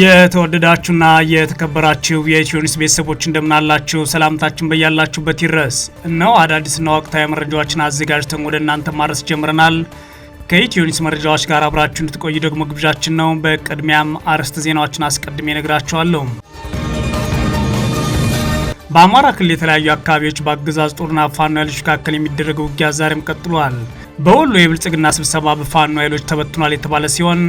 የተወደዳችሁና የተከበራችሁ የኢትዮ ቤተሰቦች እንደምናላችሁ ሰላምታችን በያላችሁበት ይድረስ። እነሆ አዳዲስና ወቅታዊ መረጃዎችን አዘጋጅተን ወደ እናንተ ማድረስ ጀምረናል። ከኢትዮ መረጃዎች ጋር አብራችሁ እንድትቆዩ ደግሞ ግብዣችን ነው። በቅድሚያም አርዕስተ ዜናዎችን አስቀድሜ እነግራችኋለሁ። በአማራ ክልል የተለያዩ አካባቢዎች በአገዛዝ ጦርና ፋኖ ኃይሎች መካከል የሚደረገው ውጊያ ዛሬም ቀጥሏል። በወሎ የብልጽግና ስብሰባ በፋኖ ኃይሎች ተበትኗል የተባለ ሲሆን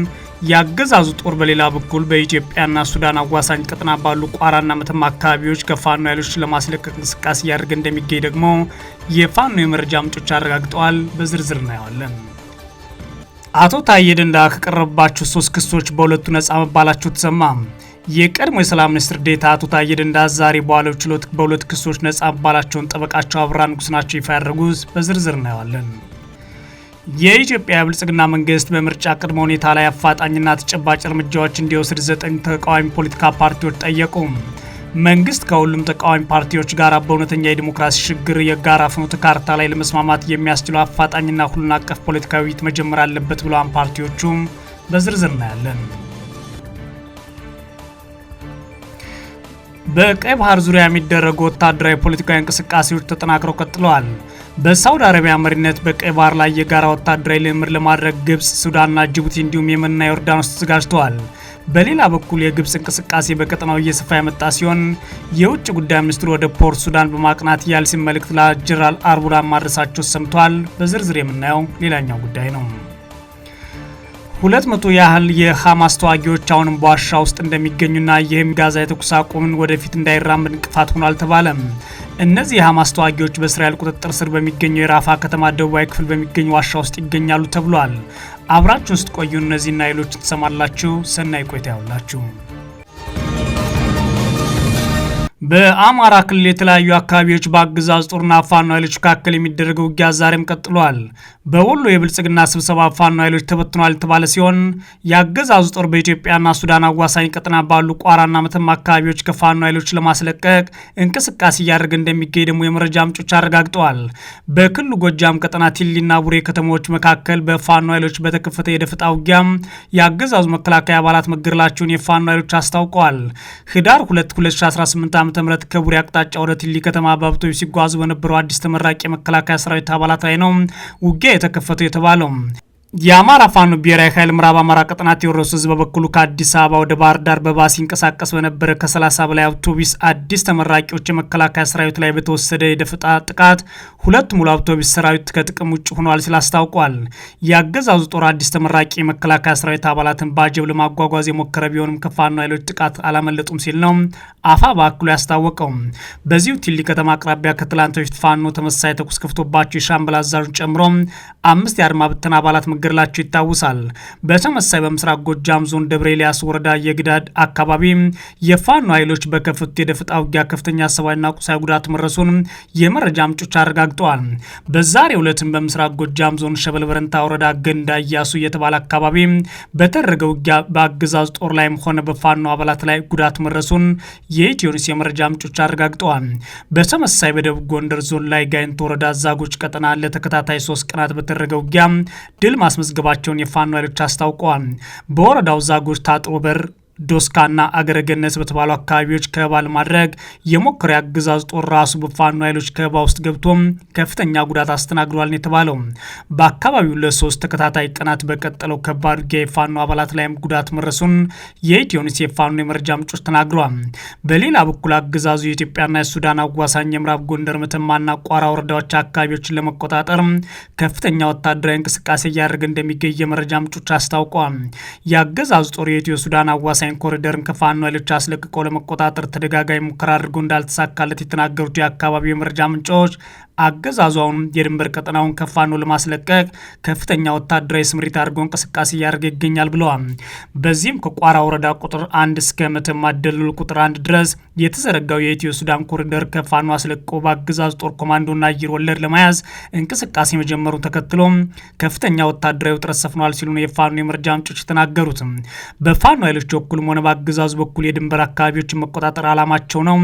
የአገዛዙ ጦር በሌላ በኩል በኢትዮጵያና ሱዳን አዋሳኝ ቀጠና ባሉ ቋራና መተማ አካባቢዎች ከፋኖ ኃይሎች ለማስለቀቅ እንቅስቃሴ እያደረገ እንደሚገኝ ደግሞ የፋኖ የመረጃ ምንጮች አረጋግጠዋል። በዝርዝር እናየዋለን። አቶ ታዬ ደንዳ ከቀረበባቸው ሶስት ክሶች በሁለቱ ነጻ መባላቸው ተሰማ። የቀድሞ የሰላም ሚኒስትር ዴታ አቶ ታዬ ደንዳ ዛሬ በዋለው ችሎት በሁለት ክሶች ነጻ መባላቸውን ጠበቃቸው አብራ ንጉስ ናቸው ይፋ ያደረጉት። በዝርዝር እናየዋለን። የኢትዮጵያ ብልጽግና መንግስት በምርጫ ቅድመ ሁኔታ ላይ አፋጣኝና ተጨባጭ እርምጃዎች እንዲወስድ ዘጠኝ ተቃዋሚ ፖለቲካ ፓርቲዎች ጠየቁ። መንግስት ከሁሉም ተቃዋሚ ፓርቲዎች ጋር በእውነተኛ የዲሞክራሲ ሽግግር የጋራ ፍኖተ ካርታ ላይ ለመስማማት የሚያስችለው አፋጣኝና ሁሉን አቀፍ ፖለቲካዊ ውይይት መጀመር አለበት ብለዋን ፓርቲዎቹም በዝርዝር እናያለን። በቀይ ባህር ዙሪያ የሚደረጉ ወታደራዊ ፖለቲካዊ እንቅስቃሴዎች ተጠናክረው ቀጥለዋል። በሳውዲ አረቢያ መሪነት በቀይ ባህር ላይ የጋራ ወታደራዊ ልምምድ ለማድረግ ግብጽ፣ ሱዳንና ጅቡቲ እንዲሁም የመንና ዮርዳኖስ ተዘጋጅተዋል። በሌላ በኩል የግብጽ እንቅስቃሴ በቀጠናው እየሰፋ የመጣ ሲሆን የውጭ ጉዳይ ሚኒስትሩ ወደ ፖርት ሱዳን በማቅናት ያልሲን መልእክት ለጀነራል አርቡራን ማድረሳቸው ሰምቷል። በዝርዝር የምናየው ሌላኛው ጉዳይ ነው። ሁለት መቶ ያህል የሐማስ ተዋጊዎች አሁንም በዋሻ ውስጥ እንደሚገኙና ይህም ጋዛ የተኩስ አቁምን ወደፊት እንዳይራምድ እንቅፋት ሆኖ አልተባለም። እነዚህ የሐማስ ተዋጊዎች በእስራኤል ቁጥጥር ስር በሚገኘው የራፋ ከተማ ደቡባዊ ክፍል በሚገኝ ዋሻ ውስጥ ይገኛሉ ተብሏል። አብራችሁ ውስጥ ቆዩ። እነዚህና ሌሎች ትሰማላችሁ። ሰናይ ቆይታ ያውላችሁ። በአማራ ክልል የተለያዩ አካባቢዎች በአገዛዝ ጦርና ፋኖ ኃይሎች መካከል የሚደረገው ውጊያ ዛሬም ቀጥሏል። በወሎ የብልጽግና ስብሰባ ፋኖ ኃይሎች ተበትኗል የተባለ ሲሆን የአገዛዙ ጦር በኢትዮጵያና ሱዳን አዋሳኝ ቀጠና ባሉ ቋራና መተማ አካባቢዎች ከፋኖ ኃይሎች ለማስለቀቅ እንቅስቃሴ እያደረገ እንደሚገኝ ደግሞ የመረጃ ምንጮች አረጋግጠዋል። በክልሉ ጎጃም ቀጠና ቲሊና ቡሬ ከተሞች መካከል በፋኖ ኃይሎች በተከፈተ የደፈጣ ውጊያም የአገዛዙ መከላከያ አባላት መገደላቸውን የፋኖ ኃይሎች አስታውቀዋል። ህዳር 2 2018 ም ከቡሬ አቅጣጫ ወደ ቲሊ ከተማ በአብቶች ሲጓዙ በነበረው አዲስ ተመራቂ የመከላከያ ሰራዊት አባላት ላይ ነው ውጊያ የተከፈተው የተባለው። የአማራ ፋኖ ብሔራዊ ኃይል ምዕራብ አማራ ቀጠና ቴዎድሮስ ህዝብ በበኩሉ ከአዲስ አበባ ወደ ባህር ዳር በባስ ሲንቀሳቀስ በነበረ ከ30 በላይ አውቶቢስ አዲስ ተመራቂዎች የመከላከያ ሰራዊት ላይ በተወሰደ የደፈጣ ጥቃት ሁለት ሙሉ አውቶቢስ ሰራዊት ከጥቅም ውጭ ሆኗል ሲል አስታውቋል። የአገዛዙ ጦር አዲስ ተመራቂ የመከላከያ ሰራዊት አባላትን በአጀብ ለማጓጓዝ የሞከረ ቢሆንም ከፋኖ ኃይሎች ጥቃት አላመለጡም ሲል ነው አፋ በአክሉ ያስታወቀው። በዚሁ ቲሊ ከተማ አቅራቢያ ከትላንት በፊት ፋኖ ተመሳሳይ ተኩስ ከፍቶባቸው የሻምበል አዛዦች ጨምሮ አምስት የአድማ ብተና አባላት እንደተነገርላቸው ይታወሳል። በተመሳይ በምስራቅ ጎጃም ዞን ደብረ ኤልያስ ወረዳ የግዳድ አካባቢ የፋኖ ኃይሎች በከፍት የደፈጣ ውጊያ ከፍተኛ ሰብአዊና ቁሳዊ ጉዳት መድረሱን የመረጃ ምንጮች አረጋግጠዋል። በዛሬ ዕለትም በምስራቅ ጎጃም ዞን ሸበል በረንታ ወረዳ ገንዳ እያሱ የተባለ አካባቢ በተደረገ ውጊያ በአገዛዝ ጦር ላይም ሆነ በፋኖ አባላት ላይ ጉዳት መድረሱን የኢትዮኒስ የመረጃ ምንጮች አረጋግጠዋል። በተመሳይ በደቡብ ጎንደር ዞን ላይ ጋይንት ወረዳ ዛጎች ቀጠና ለተከታታይ ሶስት ቀናት በተደረገ ውጊያ ድል ማስመዝገባቸውን የፋኖ ኃይሎች አስታውቀዋል። በወረዳው ዛጎች ታጥሮ በር ዶስካና አገረገነት በተባሉ አካባቢዎች ከበባ ለማድረግ የሞከረ አገዛዝ ጦር ራሱ በፋኖ ኃይሎች ከበባ ውስጥ ገብቶም ከፍተኛ ጉዳት አስተናግዷል ነው የተባለው። በአካባቢው ለሶስት ተከታታይ ቀናት በቀጠለው ከባድ ውጊያ የፋኖ አባላት ላይም ጉዳት መረሱን የኢትዮኒስ የፋኖ የመረጃ ምንጮች ተናግረዋል። በሌላ በኩል አገዛዙ የኢትዮጵያና የሱዳን አዋሳኝ የምዕራብ ጎንደር መተማና ቋራ ወረዳዎች አካባቢዎችን ለመቆጣጠር ከፍተኛ ወታደራዊ እንቅስቃሴ እያደረገ እንደሚገኝ የመረጃ ምንጮች አስታውቀዋል። የአገዛዙ ጦር የኢትዮ ሱዳን አዋሳኝ የወሳኝ ኮሪደርን ከፋኖ ኃይሎች አስለቅቆ ለመቆጣጠር ተደጋጋሚ ሙከራ አድርጎ እንዳልተሳካለት የተናገሩት የአካባቢው የመረጃ ምንጮች አገዛዙ የድንበር ቀጠናውን ከፋኖ ለማስለቀቅ ከፍተኛ ወታደራዊ ስምሪት አድርጎ እንቅስቃሴ እያደረገ ይገኛል ብለዋል። በዚህም ከቋራ ወረዳ ቁጥር አንድ እስከ መተማ ደለሉ ቁጥር አንድ ድረስ የተዘረጋው የኢትዮ ሱዳን ኮሪደር ከፋኖ አስለቅቆ በአገዛዝ ጦር ኮማንዶና አየር ወለድ ለመያዝ እንቅስቃሴ መጀመሩ ተከትሎ ከፍተኛ ወታደራዊ ውጥረት ሰፍኗል ሲሉ ነው የፋኖ የመረጃ ምንጮች የተናገሩት። በፋኖ ኃይሎች በኩል በኩልም ሆነ በአገዛዙ በኩል የድንበር አካባቢዎችን መቆጣጠር አላማቸው ነው።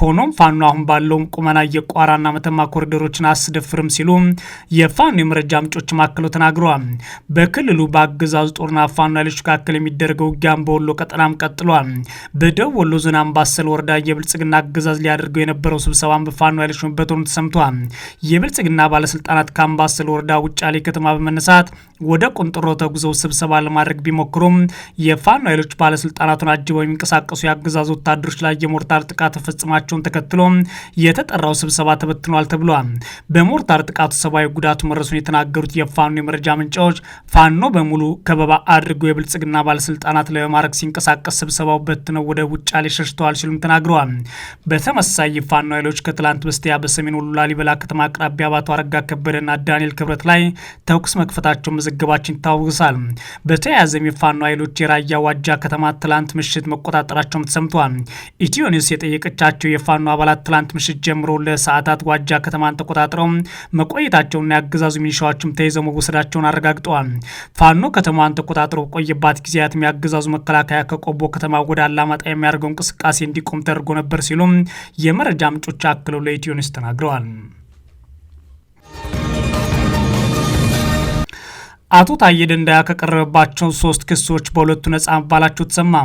ሆኖም ፋኖ አሁን ባለውም ቁመና የቋራና መተማ ኮሪደሮችን አስደፍርም ሲሉ የፋኖ የመረጃ ምንጮች ማክለው ተናግረዋል። በክልሉ በአገዛዙ ጦርና ፋኖ ኃይሎች መካከል የሚደረገው ውጊያም በወሎ ቀጠናም ቀጥሏል። በደቡብ ወሎ ዞን አምባሰል ወረዳ የብልጽግና አገዛዝ ሊያደርገው የነበረው ስብሰባም በፋኖ ኃይሎች መበተኑ ተሰምቷል። የብልጽግና ባለስልጣናት ከአምባሰል ወረዳ ውጫሌ ከተማ በመነሳት ወደ ቁንጥሮ ተጉዘው ስብሰባ ለማድረግ ቢሞክሩም የፋኖ ኃይሎች ባለስልጣ ባለስልጣናቱን አጅበው የሚንቀሳቀሱ የአገዛዙ ወታደሮች ላይ የሞርታር ጥቃት ፈጽማቸውን ተከትሎ የተጠራው ስብሰባ ተበትኗል ተብሏል። በሞርታር ጥቃቱ ሰብአዊ ጉዳቱ መረሱን የተናገሩት የፋኖ የመረጃ ምንጫዎች ፋኖ በሙሉ ከበባ አድርገው የብልጽግና ባለስልጣናት ለማድረግ ሲንቀሳቀስ ስብሰባው በትነው ወደ ውጫሌ ሸሽተዋል ሲሉም ተናግረዋል። በተመሳይ የፋኖ ኃይሎች ከትላንት በስቲያ በሰሜን ወሎ ላሊበላ ከተማ አቅራቢያ አቶ አረጋ ከበደና ዳንኤል ክብረት ላይ ተኩስ መክፈታቸው መዘገባችን ይታወሳል። በተያያዘም የፋኖ ኃይሎች የራያ ዋጃ ከተማ ትላንት ምሽት መቆጣጠራቸውም ተሰምቷል። ኢትዮ ኒውስ የጠየቀቻቸው የፋኖ አባላት ትላንት ምሽት ጀምሮ ለሰዓታት ዋጃ ከተማን ተቆጣጥረው መቆየታቸውና የአገዛዙ ሚሊሻዎችም ተይዘው መወሰዳቸውን አረጋግጠዋል። ፋኖ ከተማዋን ተቆጣጥሮ ቆየባት ጊዜያትም የአገዛዙ መከላከያ ከቆቦ ከተማ ወደ አላማጣ የሚያደርገው እንቅስቃሴ እንዲቆም ተደርጎ ነበር ሲሉም የመረጃ ምንጮች አክለው ለኢትዮ ኒውስ ተናግረዋል። አቶ ታዬ ደንደዓ ከቀረበባቸው ሶስት ክሶች በሁለቱ ነጻ መባላቸው ተሰማ።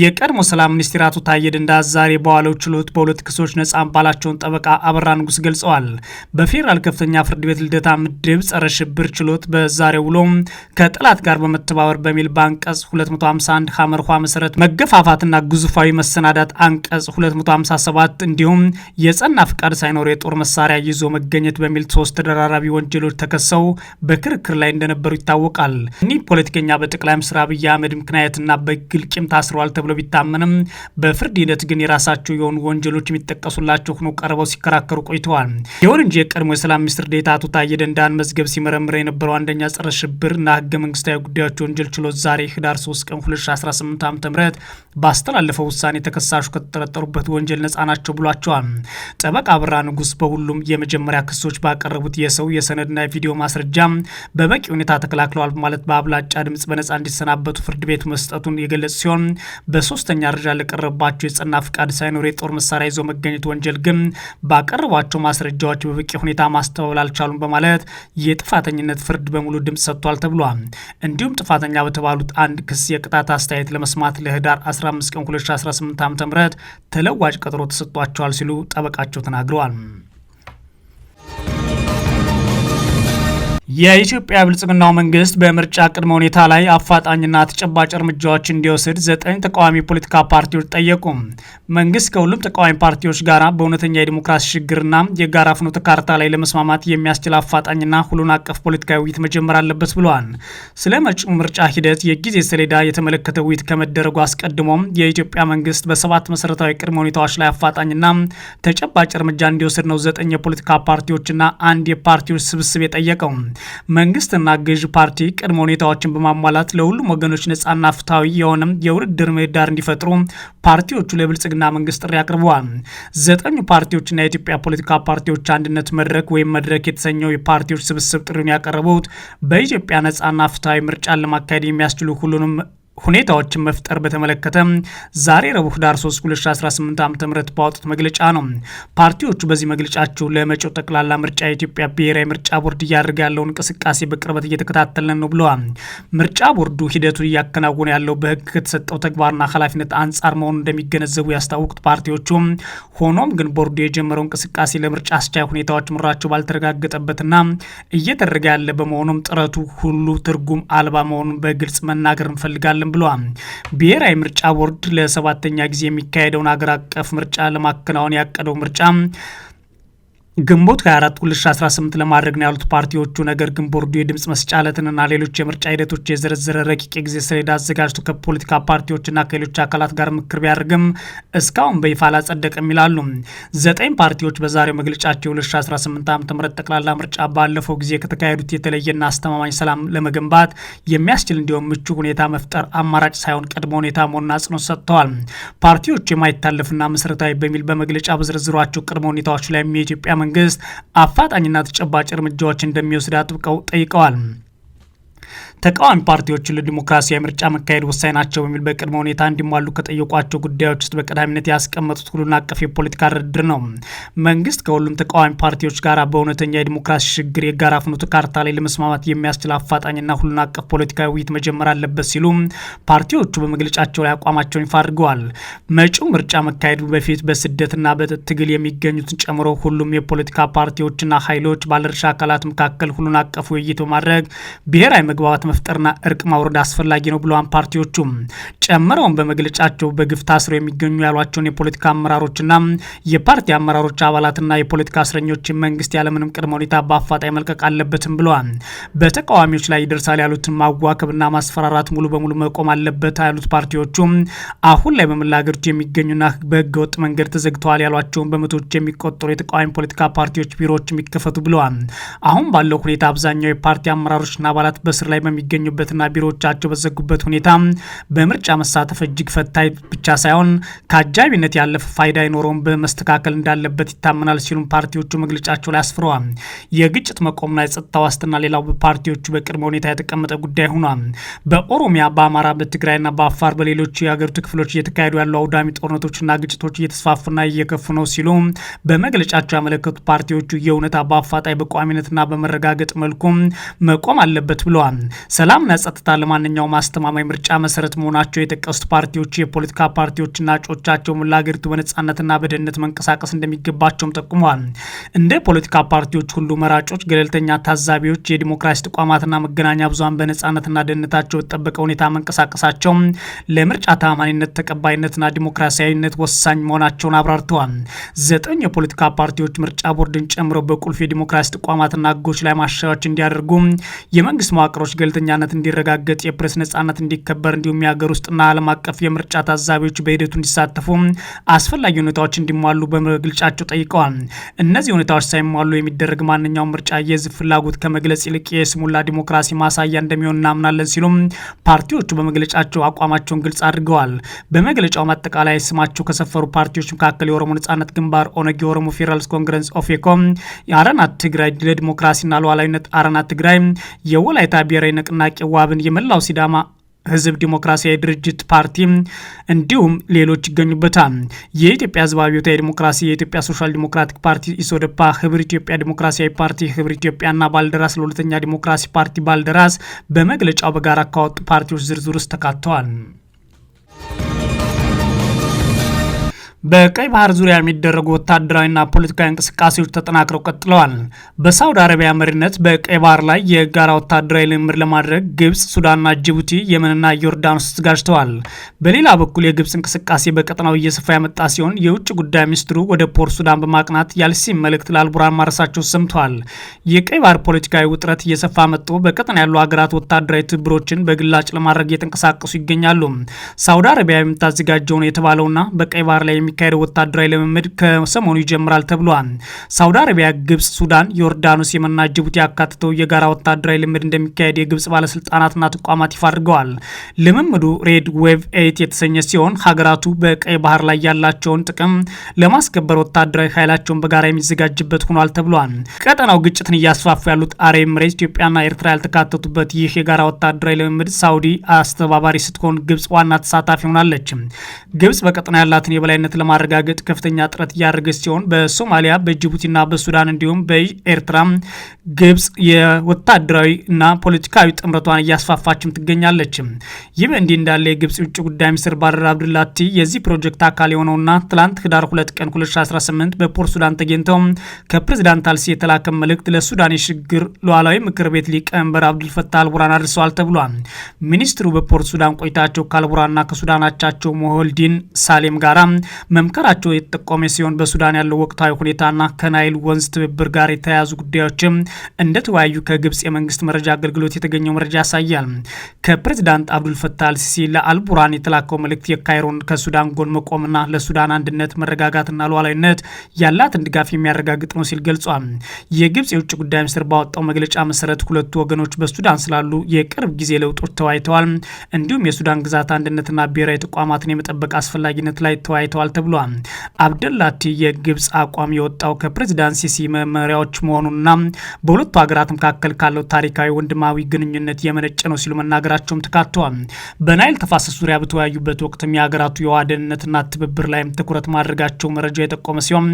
የቀድሞ ሰላም ሚኒስትር አቶ ታዬ ደንደዓ ዛሬ በዋለው ችሎት በሁለት ክሶች ነጻ መባላቸውን ጠበቃ አበራ ንጉስ ገልጸዋል። በፌዴራል ከፍተኛ ፍርድ ቤት ልደታ ምድብ ጸረ ሽብር ችሎት በዛሬው ውሎ ከጠላት ጋር በመተባበር በሚል በአንቀጽ 251 ሀመርኳ መሰረት መገፋፋትና ግዙፋዊ መሰናዳት አንቀጽ 257 እንዲሁም የጸና ፍቃድ ሳይኖር የጦር መሳሪያ ይዞ መገኘት በሚል ሶስት ተደራራቢ ወንጀሎች ተከሰው በክርክር ላይ እንደነበሩ ይታወቃል። እኒህ ፖለቲከኛ በጠቅላይ ሚኒስትር አብይ አህመድ ምክንያትና በግል ቂም ታስረዋል ተብሎ ቢታመንም በፍርድ ሂደት ግን የራሳቸው የሆኑ ወንጀሎች የሚጠቀሱላቸው ሆኖ ቀርበው ሲከራከሩ ቆይተዋል። ይሁን እንጂ የቀድሞ የሰላም ሚኒስትር ዴታ አቶ ታዬ ደንዳን መዝገብ ሲመረምር የነበረው አንደኛ ጸረ ሽብርና ህገ መንግስታዊ ጉዳዮች ወንጀል ችሎት ዛሬ ህዳር 3 ቀን 2018 ዓ ም ባስተላለፈው ውሳኔ ተከሳሹ ከተጠረጠሩበት ወንጀል ነጻ ናቸው ብሏቸዋል። ጠበቃ ብራ ንጉስ በሁሉም የመጀመሪያ ክሶች ባቀረቡት የሰው የሰነድና የቪዲዮ ማስረጃ በበቂ ሁኔታ ተከላክለዋል በማለት በአብላጫ ድምፅ በነጻ እንዲሰናበቱ ፍርድ ቤት መስጠቱን የገለጽ ሲሆን በሶስተኛ ደረጃ ለቀረባቸው የጸና ፍቃድ ሳይኖር የጦር መሳሪያ ይዞ መገኘት ወንጀል ግን ባቀረቧቸው ማስረጃዎች በበቂ ሁኔታ ማስተባበል አልቻሉም በማለት የጥፋተኝነት ፍርድ በሙሉ ድምፅ ሰጥቷል ተብሏል። እንዲሁም ጥፋተኛ በተባሉት አንድ ክስ የቅጣት አስተያየት ለመስማት ለህዳር 15 ቀን 2018 ዓ ም ተለዋጭ ቀጠሮ ተሰጥቷቸዋል ሲሉ ጠበቃቸው ተናግረዋል። የኢትዮጵያ ብልጽግናው መንግስት በምርጫ ቅድመ ሁኔታ ላይ አፋጣኝና ተጨባጭ እርምጃዎች እንዲወስድ ዘጠኝ ተቃዋሚ ፖለቲካ ፓርቲዎች ጠየቁ። መንግስት ከሁሉም ተቃዋሚ ፓርቲዎች ጋር በእውነተኛ የዲሞክራሲ ሽግግርና የጋራ ፍኖተ ካርታ ላይ ለመስማማት የሚያስችል አፋጣኝና ሁሉን አቀፍ ፖለቲካዊ ውይይት መጀመር አለበት ብለዋል። ስለ ምርጫ ሂደት የጊዜ ሰሌዳ የተመለከተ ውይይት ከመደረጉ አስቀድሞም የኢትዮጵያ መንግስት በሰባት መሰረታዊ ቅድመ ሁኔታዎች ላይ አፋጣኝና ተጨባጭ እርምጃ እንዲወስድ ነው ዘጠኝ የፖለቲካ ፓርቲዎችና አንድ የፓርቲዎች ስብስብ የጠየቀው። መንግስትና ገዢ ፓርቲ ቅድመ ሁኔታዎችን በማሟላት ለሁሉም ወገኖች ነጻና ፍትሐዊ የሆነ የውድድር ምህዳር እንዲፈጥሩ ፓርቲዎቹ ለብልጽግና መንግስት ጥሪ አቅርበዋል። ዘጠኙ ፓርቲዎችና የኢትዮጵያ ፖለቲካ ፓርቲዎች አንድነት መድረክ ወይም መድረክ የተሰኘው የፓርቲዎች ስብስብ ጥሪውን ያቀረቡት በኢትዮጵያ ነጻና ፍትሐዊ ምርጫን ለማካሄድ የሚያስችሉ ሁሉንም ሁኔታዎችን መፍጠር በተመለከተ ዛሬ ረቡዕ ህዳር 3 2018 ዓ ም ባወጡት መግለጫ ነው። ፓርቲዎቹ በዚህ መግለጫቸው ለመጪው ጠቅላላ ምርጫ የኢትዮጵያ ብሔራዊ ምርጫ ቦርድ እያደረገ ያለውን እንቅስቃሴ በቅርበት እየተከታተልን ነው ብለዋል። ምርጫ ቦርዱ ሂደቱን እያከናወነ ያለው በህግ ከተሰጠው ተግባርና ኃላፊነት አንጻር መሆኑን እንደሚገነዘቡ ያስታወቁት ፓርቲዎቹ ሆኖም ግን ቦርዱ የጀመረው እንቅስቃሴ ለምርጫ አስቻይ ሁኔታዎች ምራቸው ባልተረጋገጠበትና እየተደረገ ያለ በመሆኑም ጥረቱ ሁሉ ትርጉም አልባ መሆኑን በግልጽ መናገር እንፈልጋለን እናደርጋለን ብሏል። ብሔራዊ ምርጫ ቦርድ ለሰባተኛ ጊዜ የሚካሄደውን አገር አቀፍ ምርጫ ለማከናወን ያቀደው ምርጫ ግንቦት 24 2018 ለማድረግ ነው ያሉት ፓርቲዎቹ። ነገር ግን ቦርዱ የድምፅ መስጫ ዕለትንና ሌሎች የምርጫ ሂደቶች የዘረዘረ ረቂቅ የጊዜ ሰሌዳ አዘጋጅቶ ከፖለቲካ ፓርቲዎችና ከሌሎች አካላት ጋር ምክር ቢያደርግም እስካሁን በይፋ አላጸደቅም ይላሉ። ዘጠኝ ፓርቲዎች በዛሬው መግለጫቸው 2018 ዓ.ም ጠቅላላ ምርጫ ባለፈው ጊዜ ከተካሄዱት የተለየና አስተማማኝ ሰላም ለመገንባት የሚያስችል እንዲሆን ምቹ ሁኔታ መፍጠር አማራጭ ሳይሆን ቀድሞ ሁኔታ መሆኑን አጽንኦት ሰጥተዋል። ፓርቲዎቹ የማይታለፍና መሰረታዊ በሚል በመግለጫ በዝርዝሯቸው ቅድመ ሁኔታዎች ላይ የኢትዮጵያ መንግስት አፋጣኝና ተጨባጭ እርምጃዎች እንደሚወስድ አጥብቀው ጠይቀዋል። ተቃዋሚ ፓርቲዎችን ለዲሞክራሲያዊ ምርጫ መካሄድ ወሳኝ ናቸው በሚል በቅድመ ሁኔታ እንዲሟሉ ከጠየቋቸው ጉዳዮች ውስጥ በቀዳሚነት ያስቀመጡት ሁሉን አቀፍ የፖለቲካ ድርድር ነው። መንግስት ከሁሉም ተቃዋሚ ፓርቲዎች ጋር በእውነተኛ የዲሞክራሲ ሽግግር የጋራ ፍኖተ ካርታ ላይ ለመስማማት የሚያስችል አፋጣኝና ሁሉን አቀፍ ፖለቲካዊ ውይይት መጀመር አለበት ሲሉ ፓርቲዎቹ በመግለጫቸው ላይ አቋማቸውን ይፋ አድርገዋል። መጪው ምርጫ መካሄዱ በፊት በስደትና በትግል የሚገኙትን ጨምሮ ሁሉም የፖለቲካ ፓርቲዎችና ኃይሎች ባለድርሻ አካላት መካከል ሁሉን አቀፍ ውይይት በማድረግ ብሔራዊ መግባባት መፍጠርና እርቅ ማውረድ አስፈላጊ ነው ብለዋን ፓርቲዎቹም ጨምረውን በመግለጫቸው በግፍ ታስረው የሚገኙ ያሏቸውን የፖለቲካ አመራሮችና የፓርቲ አመራሮች አባላትና የፖለቲካ እስረኞች መንግስት ያለምንም ቅድመ ሁኔታ በአፋጣኝ መልቀቅ አለበትም ብለዋል። በተቃዋሚዎች ላይ ይደርሳል ያሉትን ማዋከብና ማስፈራራት ሙሉ በሙሉ መቆም አለበት ያሉት ፓርቲዎቹ አሁን ላይ በመላ ሀገሪቱ የሚገኙና በህገወጥ መንገድ ተዘግተዋል ያሏቸውን በመቶዎች የሚቆጠሩ የተቃዋሚ ፖለቲካ ፓርቲዎች ቢሮዎች የሚከፈቱ ብለዋል። አሁን ባለው ሁኔታ አብዛኛው የፓርቲ አመራሮችና አባላት በስር ላይ በሚ በሚገኙበትና ቢሮዎቻቸው በዘጉበት ሁኔታ በምርጫ መሳተፍ እጅግ ፈታኝ ብቻ ሳይሆን ከአጃቢነት ያለፈ ፋይዳ አይኖረውም፣ በመስተካከል እንዳለበት ይታመናል ሲሉም ፓርቲዎቹ መግለጫቸው ላይ አስፍረዋል። የግጭት መቆምና የጸጥታ ዋስትና ሌላው በፓርቲዎቹ በቅድመ ሁኔታ የተቀመጠ ጉዳይ ሆኗል። በኦሮሚያ፣ በአማራ፣ በትግራይና በአፋር በሌሎች የሀገሪቱ ክፍሎች እየተካሄዱ ያሉ አውዳሚ ጦርነቶችና ግጭቶች እየተስፋፉና እየከፉ ነው ሲሉ በመግለጫቸው ያመለከቱ ፓርቲዎቹ የእውነታ በአፋጣኝ በቋሚነትና በመረጋገጥ መልኩ መቆም አለበት ብለዋል። ሰላምና ጸጥታ ለማንኛውም አስተማማኝ ምርጫ መሰረት መሆናቸው የጠቀሱት ፓርቲዎች የፖለቲካ ፓርቲዎችና እጩዎቻቸው ሙሉ ሀገሪቱ በነጻነትና በደህንነት መንቀሳቀስ እንደሚገባቸውም ጠቁመዋል። እንደ ፖለቲካ ፓርቲዎች ሁሉ መራጮች ገለልተኛ ታዛቢዎች፣ የዲሞክራሲ ተቋማትና መገናኛ ብዙሀን በነጻነትና ደህንነታቸው የጠበቀ ሁኔታ መንቀሳቀሳቸው ለምርጫ ታማኒነት ተቀባይነትና ዲሞክራሲያዊነት ወሳኝ መሆናቸውን አብራርተዋል። ዘጠኝ የፖለቲካ ፓርቲዎች ምርጫ ቦርድን ጨምሮ በቁልፍ የዲሞክራሲ ተቋማትና ህጎች ላይ ማሻሻያዎች እንዲያደርጉ የመንግስት መዋቅሮች ገ ገለልተኛነት እንዲረጋገጥ፣ የፕሬስ ነጻነት እንዲከበር እንዲሁም የሀገር ውስጥና ዓለም አቀፍ የምርጫ ታዛቢዎች በሂደቱ እንዲሳተፉ አስፈላጊ ሁኔታዎች እንዲሟሉ በመግለጫቸው ጠይቀዋል። እነዚህ ሁኔታዎች ሳይሟሉ የሚደረግ ማንኛውም ምርጫ የህዝብ ፍላጎት ከመግለጽ ይልቅ የስሙላ ዲሞክራሲ ማሳያ እንደሚሆን እናምናለን ሲሉም ፓርቲዎቹ በመግለጫቸው አቋማቸውን ግልጽ አድርገዋል። በመግለጫው አጠቃላይ ስማቸው ከሰፈሩ ፓርቲዎች መካከል የኦሮሞ ነጻነት ግንባር፣ ኦነግ፣ የኦሮሞ ፌዴራልስ ኮንግረስ ኦፌኮ፣ የአረና ትግራይ ለዲሞክራሲና ሉዓላዊነት፣ አረና ትግራይ፣ የወላይታ ብሔራዊ ንቅናቄ ዋብን የመላው ሲዳማ ህዝብ ዲሞክራሲያዊ ድርጅት ፓርቲ እንዲሁም ሌሎች ይገኙበታል። የኢትዮጵያ ህዝባዊ አብዮታዊ ዲሞክራሲ፣ የኢትዮጵያ ሶሻል ዲሞክራቲክ ፓርቲ ኢሶደፓ፣ ህብር ኢትዮጵያ ዲሞክራሲያዊ ፓርቲ ህብር ኢትዮጵያና ባልደራስ ለሁለተኛ ዲሞክራሲ ፓርቲ ባልደራስ በመግለጫው በጋራ ካወጡ ፓርቲዎች ዝርዝር ውስጥ ተካተዋል። በቀይ ባህር ዙሪያ የሚደረጉ ወታደራዊና ፖለቲካዊ እንቅስቃሴዎች ተጠናክረው ቀጥለዋል። በሳውዲ አረቢያ መሪነት በቀይ ባህር ላይ የጋራ ወታደራዊ ልምምድ ለማድረግ ግብፅ፣ ሱዳንና ጅቡቲ፣ የመንና ዮርዳኖስ ተዘጋጅተዋል። በሌላ በኩል የግብፅ እንቅስቃሴ በቀጠናው እየሰፋ ያመጣ ሲሆን የውጭ ጉዳይ ሚኒስትሩ ወደ ፖርት ሱዳን በማቅናት ያልሲም መልእክት ለአልቡራን ማረሳቸው ሰምተዋል። የቀይ ባህር ፖለቲካዊ ውጥረት እየሰፋ መጥቶ በቀጠና ያሉ ሀገራት ወታደራዊ ትብብሮችን በግላጭ ለማድረግ እየተንቀሳቀሱ ይገኛሉ። ሳውዲ አረቢያ የምታዘጋጀውን የተባለውና በቀይ ባህር ላይ የሚ የሚካሄደው ወታደራዊ ልምምድ ከሰሞኑ ይጀምራል ተብሏል። ሳውዲ አረቢያ፣ ግብጽ፣ ሱዳን፣ ዮርዳኖስ፣ የመንና ጅቡቲ ያካትተው የጋራ ወታደራዊ ልምምድ እንደሚካሄድ የግብጽ ባለስልጣናትና ተቋማት ይፋ አድርገዋል። ልምምዱ ሬድ ዌቭ ኤይት የተሰኘ ሲሆን ሀገራቱ በቀይ ባህር ላይ ያላቸውን ጥቅም ለማስከበር ወታደራዊ ኃይላቸውን በጋራ የሚዘጋጅበት ሆኗል ተብሏል። ቀጠናው ግጭትን እያስፋፉ ያሉት አረብ ኤምሬት፣ ኢትዮጵያና ኤርትራ ያልተካተቱበት ይህ የጋራ ወታደራዊ ልምምድ ሳውዲ አስተባባሪ ስትሆን ግብጽ ዋና ተሳታፊ ሆናለች። ግብጽ በቀጠና ያላትን የበላይነት ለማረጋገጥ ከፍተኛ ጥረት እያደረገች ሲሆን በሶማሊያ በጅቡቲና በሱዳን እንዲሁም በኤርትራ ግብጽ የወታደራዊ እና ፖለቲካዊ ጥምረቷን እያስፋፋችም ትገኛለች። ይህ በእንዲህ እንዳለ የግብጽ የውጭ ጉዳይ ሚኒስትር ባረር አብዱላቲ የዚህ ፕሮጀክት አካል የሆነውና ትላንት ህዳር 2 ቀን 2018 በፖርት ሱዳን ተገኝተው ከፕሬዚዳንት አልሲ የተላከ መልእክት ለሱዳን የሽግግር ሉዓላዊ ምክር ቤት ሊቀመንበር አብዱልፈታህ አልቡራን አድርሰዋል ተብሏል። ሚኒስትሩ በፖርት ሱዳን ቆይታቸው ከአልቡራና ከሱዳናቻቸው ሞሆልዲን ሳሌም ጋራ መምከራቸው የተጠቆመ ሲሆን በሱዳን ያለው ወቅታዊ ሁኔታና ከናይል ወንዝ ትብብር ጋር የተያያዙ ጉዳዮችም እንደተወያዩ ከግብጽ የመንግስት መረጃ አገልግሎት የተገኘው መረጃ ያሳያል። ከፕሬዚዳንት አብዱልፈታ አልሲሲ ለአልቡራን የተላከው መልእክት የካይሮን ከሱዳን ጎን መቆምና ለሱዳን አንድነት መረጋጋትና ሉዓላዊነት ያላትን ድጋፍ የሚያረጋግጥ ነው ሲል ገልጿል። የግብጽ የውጭ ጉዳይ ሚኒስትር ባወጣው መግለጫ መሰረት ሁለቱ ወገኖች በሱዳን ስላሉ የቅርብ ጊዜ ለውጦች ተወያይተዋል። እንዲሁም የሱዳን ግዛት አንድነትና ብሔራዊ ተቋማትን የመጠበቅ አስፈላጊነት ላይ ተወያይተዋል ተብሏል። አብደላቲ የግብፅ አቋም የወጣው ከፕሬዚዳንት ሲሲ መመሪያዎች መሆኑና በሁለቱ ሀገራት መካከል ካለው ታሪካዊ ወንድማዊ ግንኙነት የመነጨ ነው ሲሉ መናገራቸውም ተካተዋል። በናይል ተፋሰስ ዙሪያ በተወያዩበት ወቅትም የሀገራቱ የውሃ ደህንነትና ትብብር ላይም ትኩረት ማድረጋቸው መረጃ የጠቆመ ሲሆን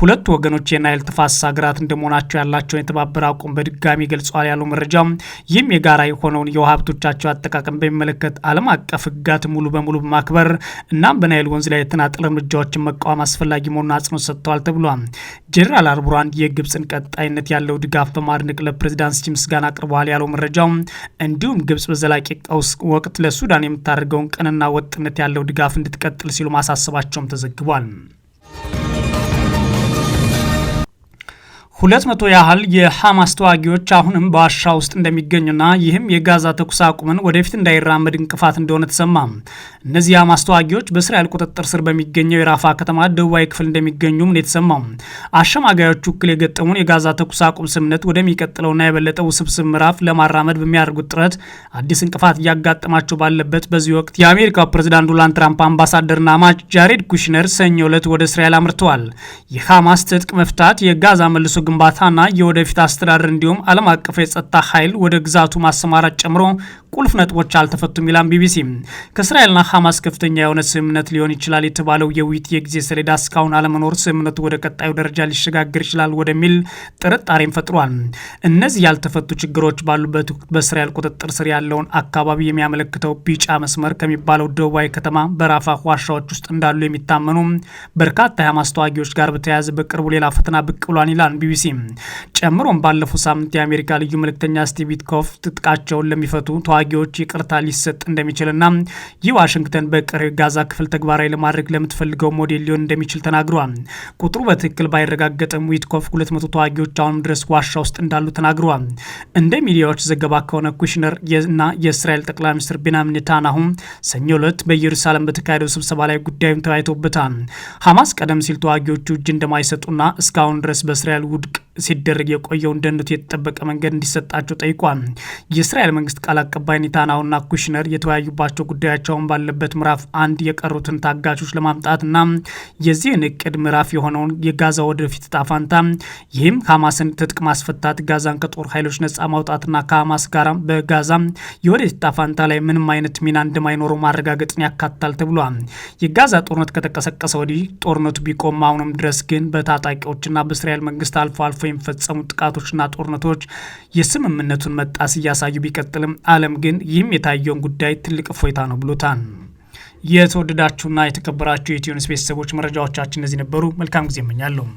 ሁለቱ ወገኖች የናይል ተፋሰስ ሀገራት እንደመሆናቸው ያላቸውን የተባበረ አቋም በድጋሚ ገልጸዋል ያለው መረጃ ይህም የጋራ የሆነውን የውሃ ሀብቶቻቸው አጠቃቀም በሚመለከት ዓለም አቀፍ ሕግጋት ሙሉ በሙሉ በማክበር እናም በናይል ወንዝ ላይ የተናጠል እርምጃ እርምጃዎችን መቃወም አስፈላጊ መሆኑን አጽንኦት ሰጥተዋል ተብሏል። ጄኔራል አልቡርሃን የግብፅን ቀጣይነት ያለው ድጋፍ በማድነቅ ለፕሬዚዳንት ሲሲ ምስጋና አቅርበዋል ያለው መረጃው እንዲሁም ግብጽ በዘላቂ ቀውስ ወቅት ለሱዳን የምታደርገውን ቅንና ወጥነት ያለው ድጋፍ እንድትቀጥል ሲሉ ማሳሰባቸውም ተዘግቧል። ሁለት መቶ ያህል የሐማስ ተዋጊዎች አሁንም በዋሻ ውስጥ እንደሚገኙና ይህም የጋዛ ተኩስ አቁምን ወደፊት እንዳይራመድ እንቅፋት እንደሆነ ተሰማ። እነዚህ የሐማስ ተዋጊዎች በእስራኤል ቁጥጥር ስር በሚገኘው የራፋ ከተማ ደቡባዊ ክፍል እንደሚገኙም ነው የተሰማው። አሸማጋዮቹ እክል የገጠሙን የጋዛ ተኩስ አቁም ስምምነት ወደሚቀጥለውና የበለጠ ውስብስብ ምዕራፍ ለማራመድ በሚያደርጉት ጥረት አዲስ እንቅፋት እያጋጠማቸው ባለበት በዚህ ወቅት የአሜሪካው ፕሬዚዳንት ዶናልድ ትራምፕ አምባሳደር ናማ ጃሬድ ኩሽነር ሰኞ ዕለት ወደ እስራኤል አምርተዋል። የሐማስ ትጥቅ መፍታት የጋዛ መልሶ ግንባታና የወደፊት አስተዳደር እንዲሁም ዓለም አቀፍ የጸጥታ ኃይል ወደ ግዛቱ ማሰማራት ጨምሮ ቁልፍ ነጥቦች አልተፈቱም ይላል ቢቢሲ። ከእስራኤልና ሐማስ ከፍተኛ የሆነ ስምምነት ሊሆን ይችላል የተባለው የውይይት የጊዜ ሰሌዳ እስካሁን አለመኖር ስምምነቱ ወደ ቀጣዩ ደረጃ ሊሸጋገር ይችላል ወደሚል ጥርጣሬም ፈጥሯል። እነዚህ ያልተፈቱ ችግሮች ባሉበት በእስራኤል ቁጥጥር ስር ያለውን አካባቢ የሚያመለክተው ቢጫ መስመር ከሚባለው ደቡባዊ ከተማ በራፋ ዋሻዎች ውስጥ እንዳሉ የሚታመኑ በርካታ የሐማስ ተዋጊዎች ጋር በተያያዘ በቅርቡ ሌላ ፈተና ብቅ ብሏል ይላል ቢቢሲ። ጨምሮም ባለፈው ሳምንት የአሜሪካ ልዩ መልእክተኛ ስቲቭ ዊትኮፍ ትጥቃቸውን ለሚፈቱ ተዋ ተዋጊዎች ይቅርታ ሊሰጥ እንደሚችልና ይህ ዋሽንግተን በቀሪው ጋዛ ክፍል ተግባራዊ ለማድረግ ለምትፈልገው ሞዴል ሊሆን እንደሚችል ተናግረዋል። ቁጥሩ በትክክል ባይረጋገጠም ዊትኮፍ 200 ተዋጊዎች አሁንም ድረስ ዋሻ ውስጥ እንዳሉ ተናግረዋል። እንደ ሚዲያዎች ዘገባ ከሆነ ኩሽነር እና የእስራኤል ጠቅላይ ሚኒስትር ቤንያሚን ኔታንያሁ ሰኞ ዕለት በኢየሩሳሌም በተካሄደው ስብሰባ ላይ ጉዳዩን ተወያይተውበታል። ሐማስ ቀደም ሲል ተዋጊዎቹ እጅ እንደማይሰጡና እስካሁን ድረስ በእስራኤል ውድቅ ሲደረግ የቆየውን ደህንነቱ የተጠበቀ መንገድ እንዲሰጣቸው ጠይቋል። የእስራኤል መንግስት ቃል አቀባይ ኔታንያሁና ኩሽነር የተወያዩባቸው ጉዳያቸውን ባለበት ምዕራፍ አንድ የቀሩትን ታጋቾች ለማምጣትና የዚህን እቅድ ምዕራፍ የሆነውን የጋዛ ወደፊት እጣ ፈንታ ይህም ሀማስን ትጥቅ ማስፈታት፣ ጋዛን ከጦር ኃይሎች ነጻ ማውጣትና ከሀማስ ጋር በጋዛ የወደፊት እጣ ፈንታ ላይ ምንም አይነት ሚና እንደማይኖረው ማረጋገጥን ያካትታል ተብሏል። የጋዛ ጦርነት ከተቀሰቀሰ ወዲህ ጦርነቱ ቢቆም አሁንም ድረስ ግን በታጣቂዎችና በእስራኤል መንግስት አልፎ አልፎ የሚፈጸሙ ጥቃቶችና ጦርነቶች የስምምነቱን መጣስ እያሳዩ ቢቀጥልም ዓለም ግን ይህም የታየውን ጉዳይ ትልቅ እፎይታ ነው ብሎታል። የተወደዳችሁና የተከበራችሁ የኢትዮኒውስ ቤተሰቦች መረጃዎቻችን እነዚህ ነበሩ። መልካም ጊዜ እመኛለሁ።